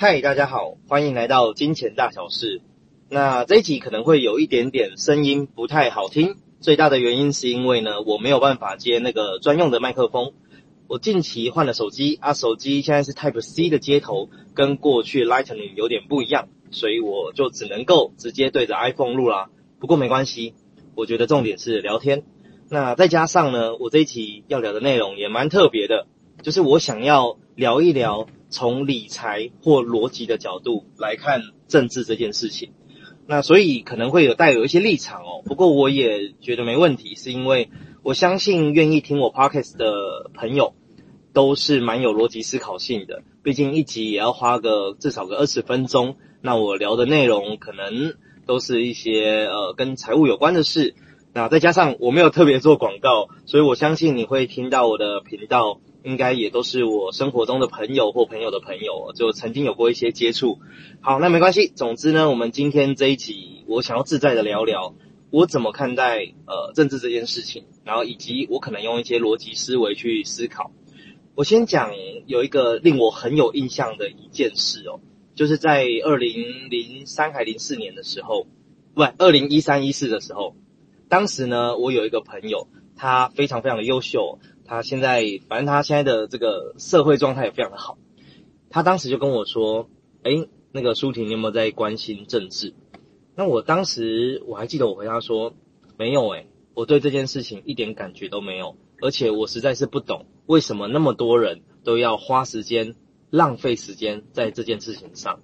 嗨，大家好，歡迎來到金錢大小事。那這一集可能會有一點點聲音不太好聽，最大的原因是因為呢，我沒有辦法接那個專用的麥克風。我近期換了手機啊，手機現在是 Type C 的接頭，跟過去 Lightning 有點不一樣，所以我就只能夠直接對着 iPhone 錄啦。不過沒關係，我覺得重點是聊天。那再加上呢，我這一集要聊的內容也蠻特別的，就是我想要聊一聊。從理財或邏輯的角度來看政治這件事情，那所以可能會有帶有一些立場哦。不過我也覺得沒問題，是因為我相信願意聽我 podcast 的朋友都是蠻有邏輯思考性的。畢竟一集也要花個至少個二十分鐘，那我聊的內容可能都是一些呃跟財務有關的事。那再加上我沒有特別做廣告，所以我相信你會聽到我的頻道。應該也都是我生活中的朋友或朋友的朋友喔，就曾經有過一些接觸。好，那沒關係。總之呢，我們今天這一集，我想要自在的聊聊我怎麼看待呃政治這件事情，然後以及我可能用一些邏輯思維去思考。我先講有一個令我很有印象的一件事哦，就是在二零零三還零四年的時候，不，二零一三一四的時候，當時呢，我有一個朋友，他非常非常的優秀。他現在反正他現在的這個社會狀態也非常的好，他當時就跟我說：“哎、欸，那個舒婷，你有沒有在關心政治？”那我當時我還記得我回他說：“沒有誒、欸，我對這件事情一點感覺都沒有，而且我實在是不懂為什麼那麼多人都要花時間浪費時間在這件事情上，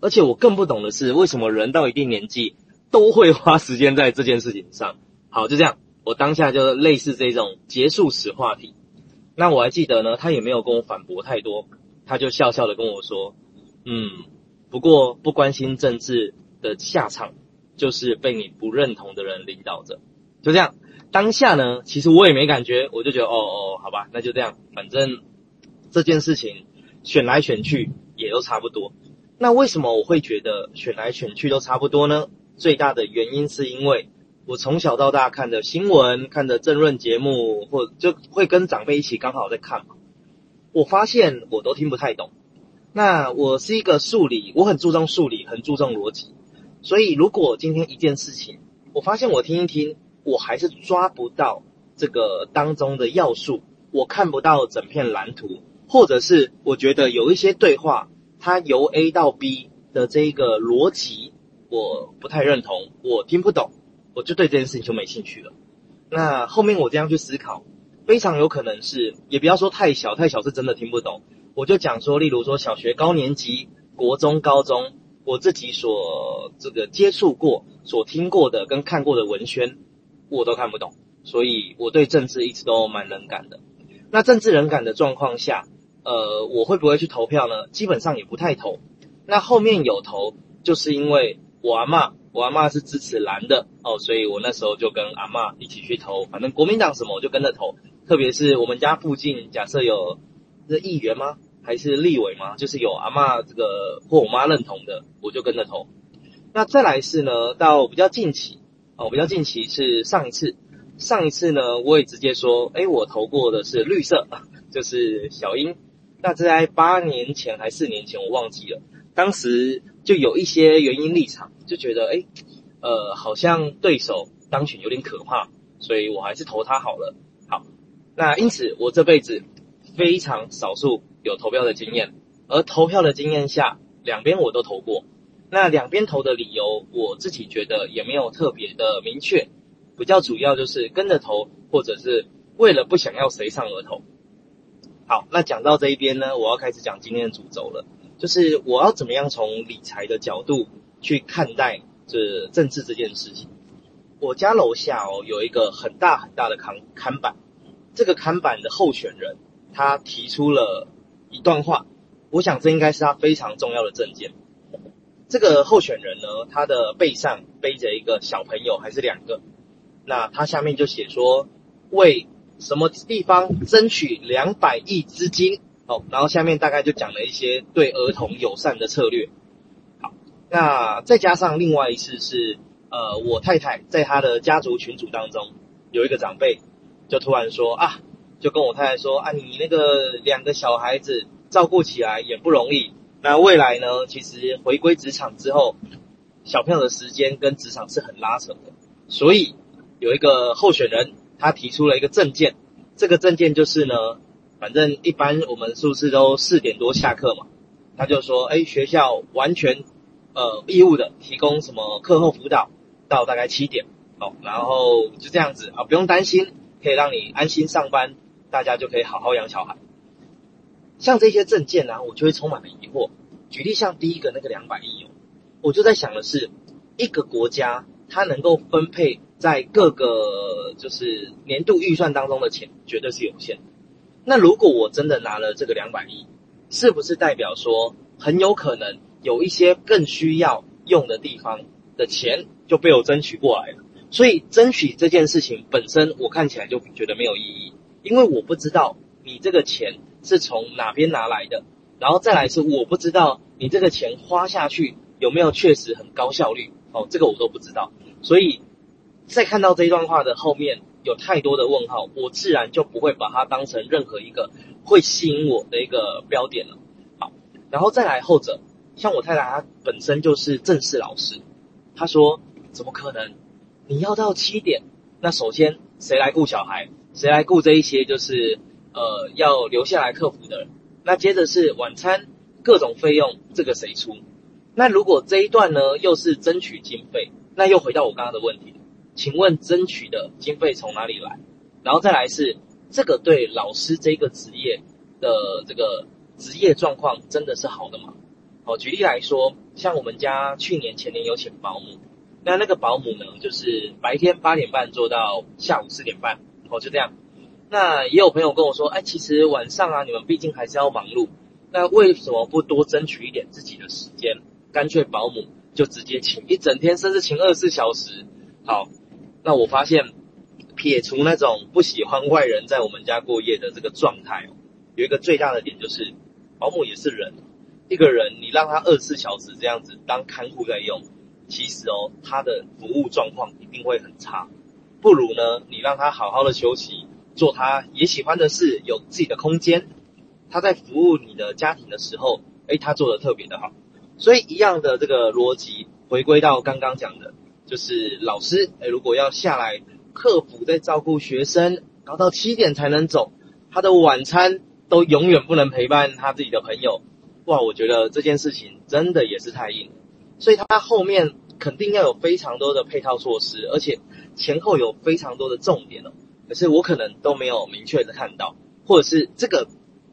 而且我更不懂的是為什麼人到一定年紀都會花時間在這件事情上。”好，就這樣。我當下就是類似這種結束時話題，那我還記得呢，他也沒有跟我反駁太多，他就笑笑的跟我說：“嗯，不過不關心政治的下場，就是被你不認同的人領導着，就這樣。”當下呢，其實我也沒感覺，我就覺得哦哦，好吧，那就這樣，反正這件事情選來選去也都差不多。那為什麼我會覺得選來選去都差不多呢？最大的原因是因為。我從小到大看的新聞、看的政論節目，或就會跟長輩一起剛好在看嘛。我發現我都聽不太懂。那我是一個數理，我很注重數理，很注重邏輯。所以如果今天一件事情，我發現我聽一聽，我還是抓不到這個當中的要素，我看不到整片藍圖，或者是我覺得有一些對話，它由 A 到 B 的這個邏輯，我不太認同，我聽不懂。我就對這件事情就沒興趣了。那後面我這樣去思考，非常有可能是，也不要說太小，太小是真的聽不懂。我就講說，例如說小學高年級、國中、高中，我自己所這個接觸過、所聽過的跟看過的文宣，我都看不懂。所以我對政治一直都蠻冷感的。那政治冷感的狀況下，呃，我會不會去投票呢？基本上也不太投。那後面有投，就是因為我阿嬤。我阿媽是支持藍的哦，所以我那時候就跟阿媽一起去投，反正國民黨什麼我就跟着投。特別是我們家附近，假設有這是議員嗎？還是立委嗎？就是有阿媽這個或我媽認同的，我就跟着投。那再來是呢，到比較近期哦，比較近期是上一次，上一次呢我也直接說，哎，我投過的是綠色，就是小英。那在八年前還是四年前我忘記了，當時。就有一些原因立場就覺得，誒、欸，呃，好像對手當選有點可怕，所以我還是投他好了。好，那因此我這輩子非常少數有投票的經驗，而投票的經驗下兩邊我都投過，那兩邊投的理由我自己覺得也沒有特別的明確，比較主要就是跟着投，或者是為了不想要誰上而投。好，那講到這一邊呢，我要開始講今天的主軸了。就是我要怎麼樣從理財的角度去看待這政治這件事情？我家樓下哦有一個很大很大的看看板，這個看板的候選人，他提出了一段話，我想這應該是他非常重要的政見。這個候選人呢，他的背上背着一個小朋友還是兩個，那他下面就寫說為什麼地方爭取兩百億資金？好，然後下面大概就講了一些對兒童友善的策略。好，那再加上另外一次是，呃，我太太在她的家族群組當中有一個長輩，就突然說啊，就跟我太太說啊，你那個兩個小孩子照顧起來也不容易。那未來呢，其實回歸職場之後，小朋友的時間跟職場是很拉扯的。所以有一個候選人，他提出了一個政見，這個政見就是呢。反正一般我們是不是都四點多下課嘛？他就說，哎、欸，學校完全，呃，義務的提供什麼課後輔導到大概七點哦，然後就這樣子啊、哦，不用擔心，可以讓你安心上班，大家就可以好好養小孩。像這些政見啊，我就會充滿了疑惑。舉例像第一個那個兩百億哦，我就在想的是，一個國家它能夠分配在各個就是年度預算當中的錢，絕對是有限的。那如果我真的拿了這個兩百億，是不是代表說很有可能有一些更需要用的地方的錢就被我爭取過來了？所以爭取這件事情本身，我看起來就覺得沒有意義，因為我不知道你這個錢是從哪邊拿來的，然後再來是我不知道你這個錢花下去有沒有確實很高效率哦，這個我都不知道。所以在看到這一段話的後面。有太多的問號，我自然就不會把它當成任何一個會吸引我的一個標點了。好，然後再來後者，像我太太她本身就是正式老師，她說怎麼可能？你要到七點，那首先誰來顧小孩？誰來顧這一些就是呃要留下來客服的人？那接着是晚餐各種費用，這個誰出？那如果這一段呢又是爭取經費，那又回到我剛剛的問題。請問爭取的經費從哪裡來？然後再來是這個對老師這個職業的這個職業狀況真的是好的嗎？好，舉例來說，像我們家去年、前年有請保姆，那那個保姆呢，就是白天八點半做到下午四點半，哦，就這樣。那也有朋友跟我說，哎，其實晚上啊，你們畢竟還是要忙碌，那為什麼不多爭取一點自己的時間？乾脆保姆就直接請一整天，甚至請二十四小時，好。那我發現，撇除那種不喜歡外人在我們家過夜的這個狀態哦，有一個最大的點就是，保姆也是人，一個人你讓他二十四小時這樣子當看護在用，其實哦，他的服務狀況一定會很差，不如呢，你讓他好好的休息，做他也喜歡的事，有自己的空間，他在服務你的家庭的時候，誒、欸，他做得特別的好，所以一樣的這個邏輯回歸到剛剛講的。就是老師、欸，如果要下來，客服在照顧學生，搞到七點才能走，他的晚餐都永遠不能陪伴他自己的朋友，哇，我覺得這件事情真的也是太硬，所以他後面肯定要有非常多的配套措施，而且前後有非常多的重點哦、喔，可是我可能都沒有明確的看到，或者是這個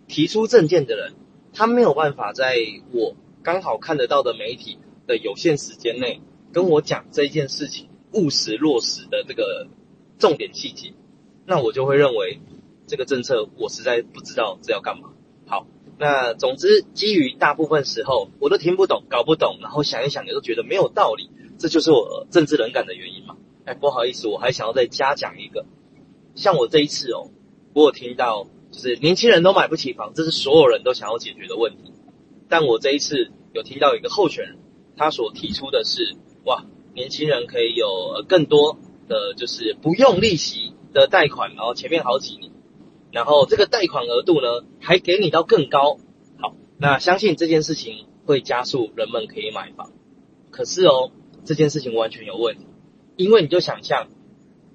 提出政見的人，他沒有辦法在我剛好看得到的媒體的有限時間內。跟我講這一件事情務實落實的這個重點細節，那我就會認為這個政策我實在不知道這要幹嘛。好，那總之基於大部分時候我都聽不懂、搞不懂，然後想一想也都覺得沒有道理，這就是我、呃、政治冷感的原因嘛。哎，不好意思，我還想要再加講一個，像我這一次哦，我有聽到就是年輕人都買不起房，這是所有人都想要解決的問題，但我這一次有聽到一個候選人他所提出的是。哇，年輕人可以有更多的就是不用利息的貸款，然後前面好幾年，然後這個貸款額度呢還給你到更高。好，那相信這件事情會加速人們可以買房。可是哦，這件事情完全有問題，因為你就想象，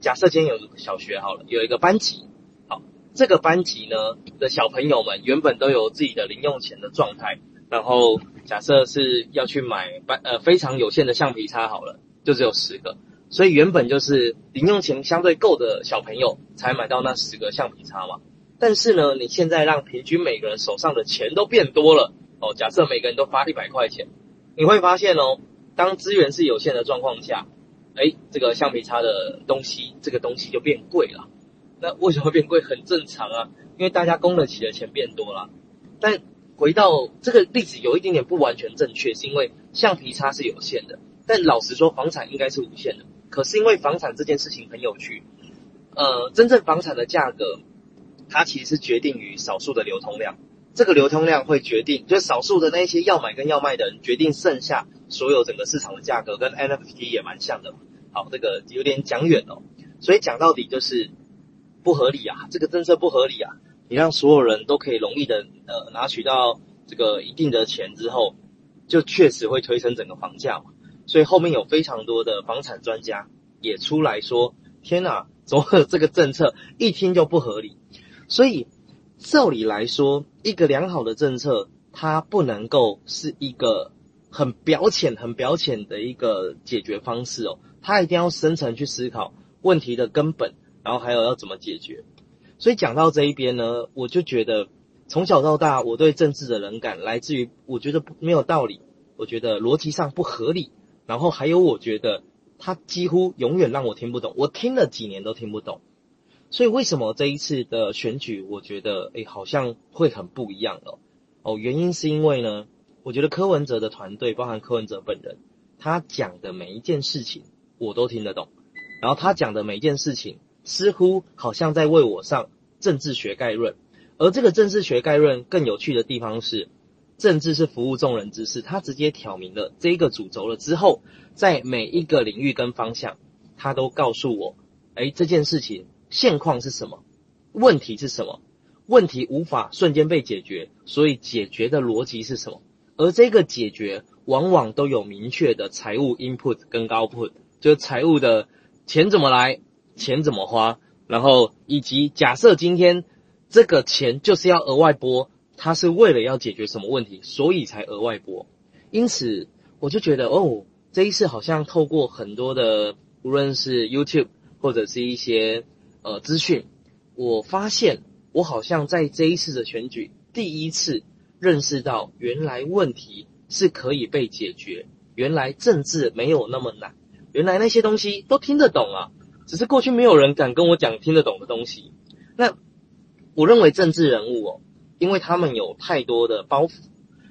假設今天有個小學好了，有一個班級，好，這個班級呢的小朋友們原本都有自己的零用錢的狀態。然後假設是要去買呃非常有限的橡皮擦好了，就只有十個，所以原本就是零用錢相對夠的小朋友才買到那十個橡皮擦嘛。但是呢，你現在讓平均每個人手上的錢都變多了哦。假設每個人都發一百塊錢，你會發現哦，當資源是有限的狀況下，哎，這個橡皮擦的東西，這個東西就變貴了。那為什麼會變貴？很正常啊，因為大家供得起的錢變多了，但。回到這個例子有一點點不完全正確，是因為橡皮擦是有限的，但老實說，房產應該是無限的。可是因為房產這件事情很有趣，呃，真正房產的價格，它其實是決定於少數的流通量，這個流通量會決定，就少數的那些要買跟要賣的人決定剩下所有整個市場的價格，跟 NFT 也蠻像的。好，這個有點講遠了，所以講到底就是不合理啊，這個政策不合理啊。你讓所有人都可以容易的呃拿取到這個一定的錢之後，就確實會推升整個房價嘛。所以後面有非常多的房產專家也出來說：“天哪，怎麼這個政策一聽就不合理？”所以，照理來說，一個良好的政策，它不能夠是一個很表淺、很表淺的一個解決方式哦。它一定要深層去思考問題的根本，然後還有要怎麼解決。所以講到這一邊呢，我就覺得從小到大我對政治的冷感來自於我覺得沒有道理，我覺得邏輯上不合理，然後還有我覺得他幾乎永遠讓我聽不懂，我聽了幾年都聽不懂。所以為什麼這一次的選舉，我覺得誒、欸、好像會很不一樣哦哦，原因是因為呢，我覺得柯文哲的團隊，包含柯文哲本人，他講的每一件事情我都聽得懂，然後他講的每一件事情。似乎好像在為我上《政治學概論》，而這個《政治學概論》更有趣的地方是，政治是服務眾人之事。他直接挑明了這個主軸了之後，在每一個領域跟方向，他都告訴我，哎，這件事情現況是什麼？問題是什麼？問題無法瞬間被解決，所以解決的邏輯是什麼？而這個解決往往都有明確的財務 input 跟 output，就是財務的錢怎麼來？錢怎麼花？然後以及假設今天這個錢就是要額外撥，它是為了要解決什麼問題，所以才額外撥。因此，我就覺得哦，這一次好像透過很多的，無論是 YouTube 或者是一些呃，資訊，我發現我好像在這一次的選舉第一次認識到，原來問題是可以被解決，原來政治沒有那麼難，原來那些東西都聽得懂啊。只是過去沒有人敢跟我講聽得懂的東西，那我認為政治人物哦、喔，因為他們有太多的包袱，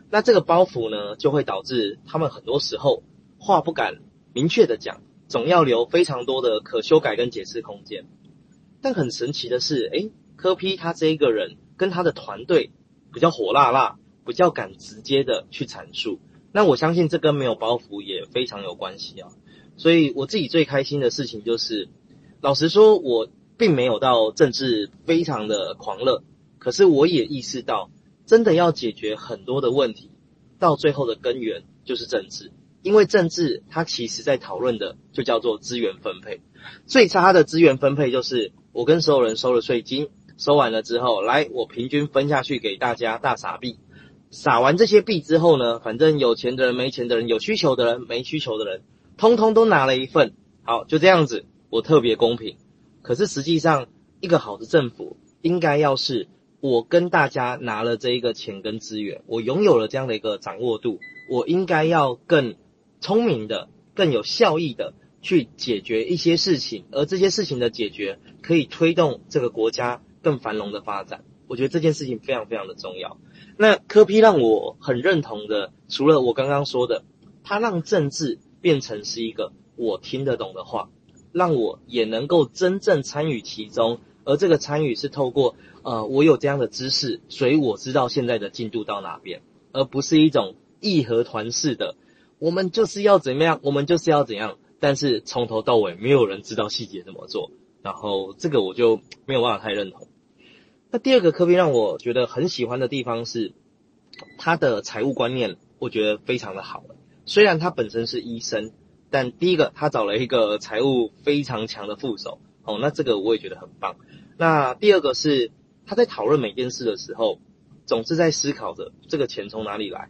那這個包袱呢就會導致他們很多時候話不敢明確的講，總要留非常多的可修改跟解釋空間。但很神奇的是，誒，柯 P 他這一個人跟他的團隊比較火辣辣，比較敢直接的去闡述。那我相信這跟沒有包袱也非常有關係啊。所以我自己最開心的事情就是。老實說，我並沒有到政治非常的狂熱，可是我也意識到，真的要解決很多的問題，到最後的根源就是政治，因為政治它其實在討論的就叫做資源分配，最差的資源分配就是我跟所有人收了稅金，收完了之後，來我平均分下去給大家大撒幣，撒完這些幣之後呢，反正有錢的人、沒錢的人、有需求的人、沒需求的人，通通都拿了一份，好，就這樣子。我特別公平，可是實際上，一個好的政府應該要是我跟大家拿了這一個錢跟資源，我擁有了這樣的一個掌握度，我應該要更聰明的、更有效益的去解決一些事情，而這些事情的解決可以推動這個國家更繁榮的發展。我覺得這件事情非常非常的重要。那柯 P 讓我很認同的，除了我剛剛說的，他讓政治變成是一個我聽得懂的話。讓我也能夠真正參與其中，而這個參與是透過，呃，我有這樣的知識，所以我知道現在的進度到哪邊，而不是一種義和團式的，我們就是要怎麼樣，我們就是要怎樣，但是從頭到尾沒有人知道細節怎麼做，然後這個我就沒有辦法太認同。那第二個柯 P 讓我覺得很喜歡的地方是，他的財務觀念我覺得非常的好，雖然他本身是醫生。但第一個，他找了一個財務非常強的副手，哦，那這個我也覺得很棒。那第二個是他在討論每件事的時候，總是在思考着這個錢從哪裡來。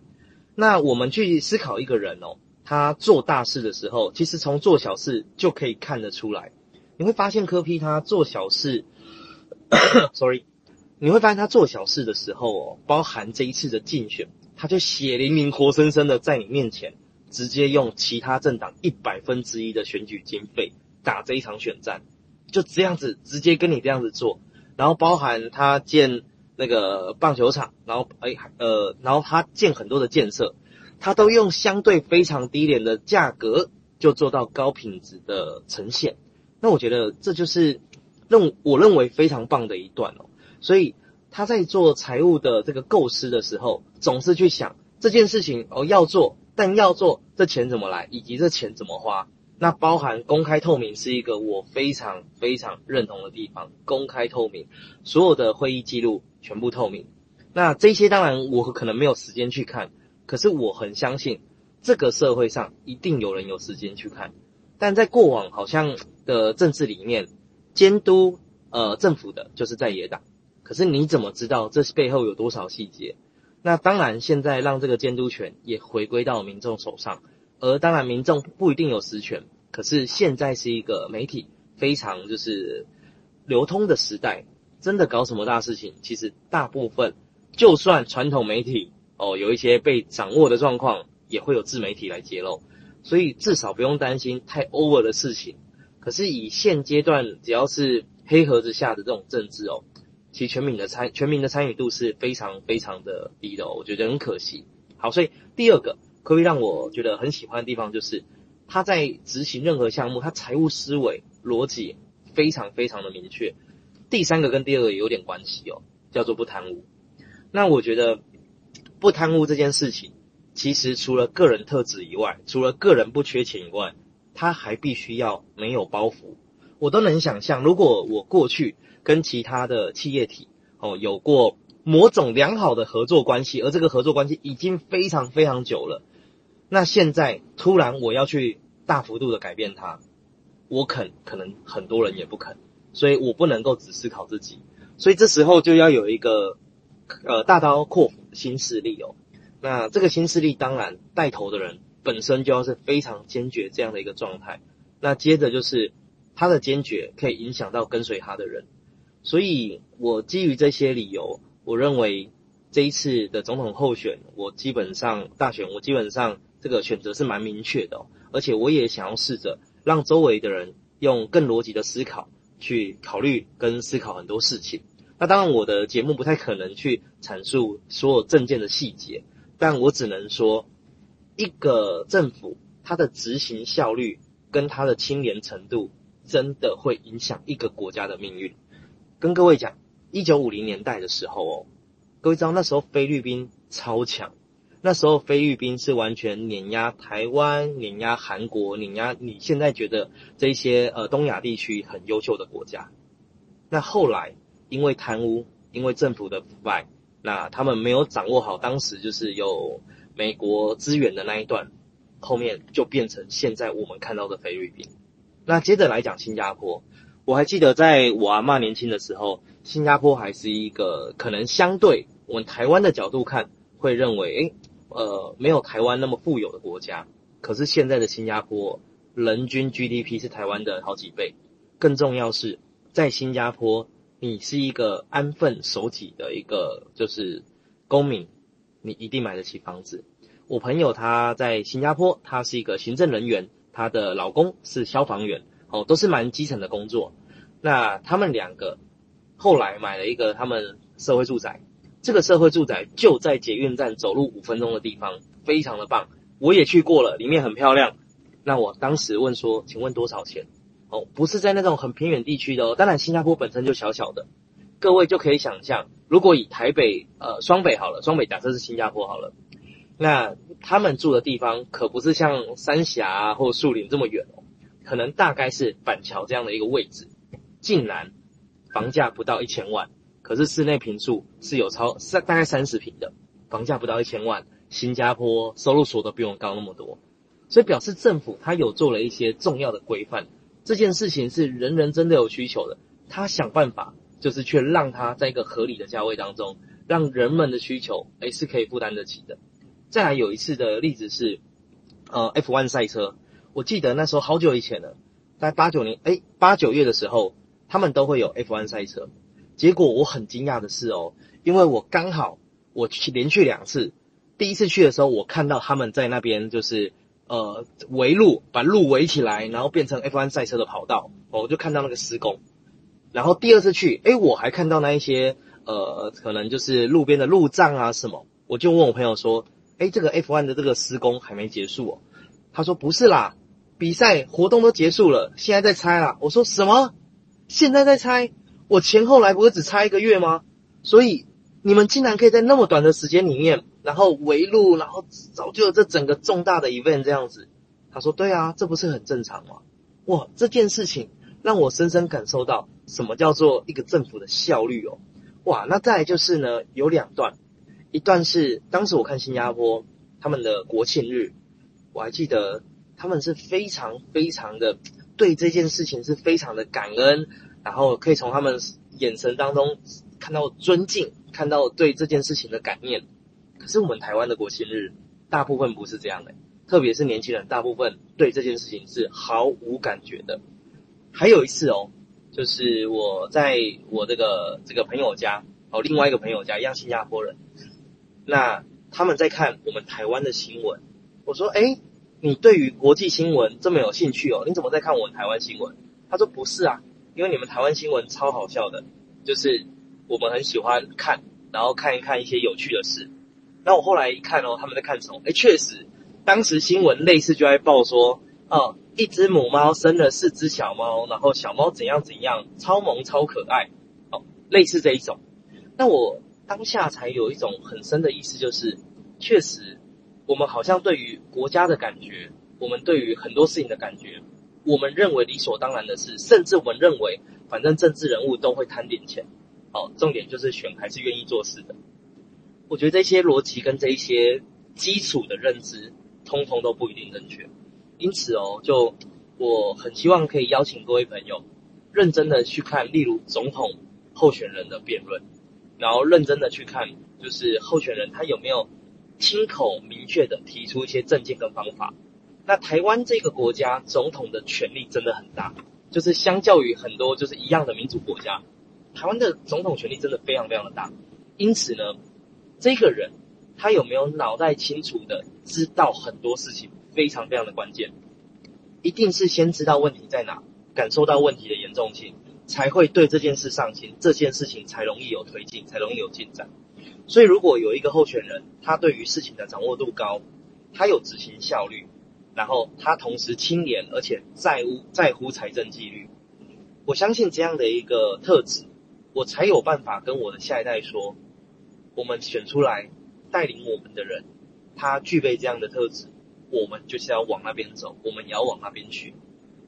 那我們去思考一個人哦，他做大事的時候，其實從做小事就可以看得出來。你會發現柯 P 他做小事 ，sorry，你會發現他做小事的時候哦，包含這一次的競選，他就血淋淋、活生生的在你面前。直接用其他政黨一百分之一的選舉經費打這一場選戰，就這樣子直接跟你這樣子做，然後包含他建那個棒球場，然後哎、欸、呃，然後他建很多的建設，他都用相對非常低廉的價格就做到高品質的呈現。那我覺得這就是認，我認為非常棒的一段哦、喔。所以他在做財務的這個構思的時候，總是去想這件事情哦、喔，要做。但要做這錢怎麼來，以及這錢怎麼花，那包含公開透明是一個我非常非常認同的地方。公開透明，所有的會議記錄全部透明。那這些當然我可能沒有時間去看，可是我很相信這個社會上一定有人有時間去看。但在過往好像的政治裡面，監督呃政府的就是在野黨。可是你怎麼知道這背後有多少細節？那當然，現在讓這個監督權也回歸到民眾手上，而當然民眾不一定有實權。可是現在是一個媒體非常就是流通的時代，真的搞什麼大事情，其實大部分就算傳統媒體哦有一些被掌握的狀況，也會有自媒體來揭露，所以至少不用擔心太 over 的事情。可是以現階段，只要是黑盒子下的這種政治哦。其實全民的參，全民的參與度是非常非常的低的、哦，我覺得很可惜。好，所以第二個可以讓我覺得很喜歡的地方就是他在執行任何項目，他財務思維邏輯非常非常的明確。第三個跟第二個也有點關係哦，叫做不貪污。那我覺得不貪污這件事情，其實除了個人特質以外，除了個人不缺錢以外，他還必須要沒有包袱。我都能想象，如果我過去。跟其他的企業體哦，有過某種良好的合作關係，而這個合作關係已經非常非常久了。那現在突然我要去大幅度的改變它，我肯可能很多人也不肯，所以我不能夠只思考自己，所以這時候就要有一個呃大刀闊斧的新勢力哦。那這個新勢力當然帶頭的人本身就要是非常堅決這樣的一個狀態，那接着就是他的堅決可以影響到跟隨他的人。所以，我基於這些理由，我認為這一次的總統候選，我基本上大選，我基本上這個選擇是蠻明確的哦，而且我也想要試着讓周圍的人用更邏輯的思考去考慮跟思考很多事情。那當然，我的節目不太可能去闡述所有政見的細節，但我只能說，一個政府它的執行效率跟它的清廉程度，真的會影響一個國家的命運。跟各位講，一九五零年代的時候哦，各位知道那時候菲律賓超強，那時候菲律賓是完全碾壓台灣、碾壓韓國、碾壓你現在覺得這一些呃東亞地區很優秀的國家。那後來因為貪污，因為政府的腐敗，那他們沒有掌握好當時就是有美國資源的那一段，後面就變成現在我們看到的菲律賓。那接着來講新加坡。我還記得，在我阿嬤年輕的時候，新加坡還是一個可能相對我們台灣的角度看，會認為，哎、欸，呃，沒有台灣那麼富有的國家。可是現在的新加坡，人均 GDP 是台灣的好幾倍。更重要是，在新加坡，你是一個安分守己的一個就是公民，你一定買得起房子。我朋友他在新加坡，他是一個行政人員，他的老公是消防員。哦，都是蠻基層的工作。那他們兩個後來買了一個他們社會住宅，這個社會住宅就在捷運站走路五分鐘的地方，非常的棒。我也去過了，裡面很漂亮。那我當時問說，請問多少錢？哦，不是在那種很偏遠地區的哦。當然，新加坡本身就小小的，各位就可以想象，如果以台北呃雙北好了，雙北假設是新加坡好了，那他們住的地方可不是像三峽啊或樹林這麼遠哦。可能大概是板橋這樣的一個位置，竟然房價不到一千萬，可是室內平數是有超三大概三十平的，房價不到一千萬，新加坡收入所得比我高那麼多，所以表示政府他有做了一些重要的規範，這件事情是人人真的有需求的，他想辦法就是去讓他在一個合理的價位當中，讓人們的需求哎是可以負擔得起的。再來有一次的例子是，呃 F1 賽車。我記得那時候好久以前了890、欸，在八九年，哎，八九月的時候，他們都會有 F1 賽車。結果我很驚訝的是哦、喔，因為我剛好我去連續兩次，第一次去的時候，我看到他們在那邊就是呃圍路，把路圍起來，然後變成 F1 賽車的跑道哦，我就看到那個施工。然後第二次去，哎、欸，我還看到那一些呃可能就是路邊的路障啊什麼，我就問我朋友說，哎、欸，這個 F1 的這個施工還沒結束哦、喔？他說不是啦。比賽活動都結束了，現在在拆啊！我說什麼？現在在拆？我前後來不是只差一個月嗎？所以你們竟然可以在那麼短的時間裡面，然後圍路，然後造就這整個重大的 event 這樣子。他說：“對啊，這不是很正常嗎？”哇，這件事情讓我深深感受到什麼叫做一個政府的效率哦！哇，那再來就是呢，有兩段，一段是當時我看新加坡他們的國慶日，我還記得。他們是非常非常的對這件事情是非常的感恩，然後可以從他們眼神當中看到尊敬，看到對這件事情的感念。可是我們台灣的國慶日，大部分不是這樣的，特別是年輕人，大部分對這件事情是毫無感覺的。還有一次哦，就是我在我這個這個朋友家哦，另外一個朋友家一樣新加坡人，那他們在看我們台灣的新聞，我說哎、欸。你對於國際新聞這麼有興趣哦？你怎麼在看我們台灣新聞？他說不是啊，因為你們台灣新聞超好笑的，就是我們很喜歡看，然後看一看一些有趣的事。那我後來一看哦，他們在看什麼？誒，確實，當時新聞類似就在報說，呃，一隻母貓生了四隻小貓，然後小貓怎樣怎樣，超萌超可愛，哦、呃，類似這一種。那我當下才有一種很深的意思，就是確實。我們好像對於國家的感覺，我們對於很多事情的感覺，我們認為理所當然的事，甚至我們認為，反正政治人物都會貪點錢。好，哦，重點就是選還是願意做事的。我覺得這些邏輯跟這一些基礎的認知，通通都不一定正確。因此哦，就我很希望可以邀請各位朋友，認真的去看，例如總統候選人的辯論，然後認真的去看，就是候選人他有沒有。親口明確的提出一些政見跟方法。那台灣這個國家總統的權力真的很大，就是相較於很多就是一樣的民主國家，台灣的總統權力真的非常非常的大。因此呢，這個人他有沒有腦袋清楚的知道很多事情，非常非常的關鍵。一定是先知道問題在哪，感受到問題的嚴重性，才會對這件事上心，這件事情才容易有推進，才容易有進展。所以，如果有一個候選人，他對於事情的掌握度高，他有執行效率，然後他同時清廉，而且在乎在乎財政紀律，我相信這樣的一個特質，我才有辦法跟我的下一代說，我們選出來帶領我們的人，他具備這樣的特質，我們就是要往那邊走，我們也要往那邊去。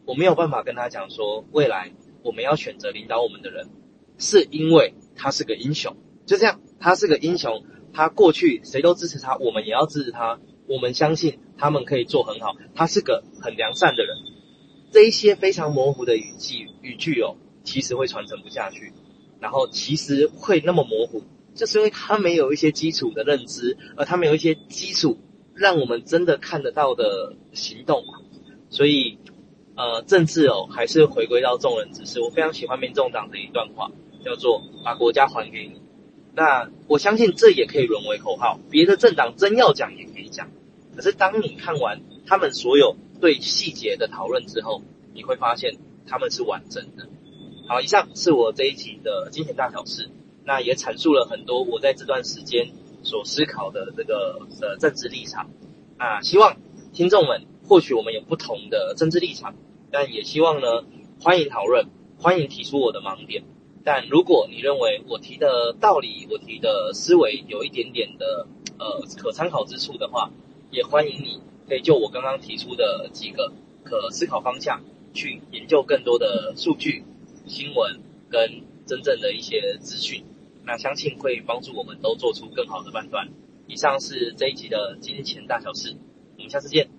我沒有辦法跟他講說，未來我們要選擇領導我們的人，是因為他是個英雄，就這樣。他是個英雄，他過去誰都支持他，我們也要支持他。我們相信他們可以做很好。他是個很良善的人，這一些非常模糊的語句語句哦，其實會傳承不下去。然後其實會那麼模糊，就是因為他沒有一些基礎的認知，而他沒有一些基礎，讓我們真的看得到的行動嘛。所以，呃，政治哦，還是回歸到眾人之事。我非常喜歡民眾黨的一段話，叫做“把國家還給你”。那我相信這也可以淪為口號，別的政黨真要講也可以講。可是當你看完他們所有對細節的討論之後，你會發現他們是完整的。好，以上是我這一集的金錢大小事，那也闡述了很多我在這段時間所思考的這個呃政治立場。啊，希望聽眾們，或許我們有不同的政治立場，但也希望呢，歡迎討論，歡迎提出我的盲點。但如果你認為我提的道理、我提的思維有一點點的呃可參考之處的話，也歡迎你可以就我剛剛提出的幾個可思考方向去研究更多的數據、新聞跟真正的一些資訊，那相信會幫助我們都做出更好的判斷。以上是這一集的金錢大小事，我們下次見。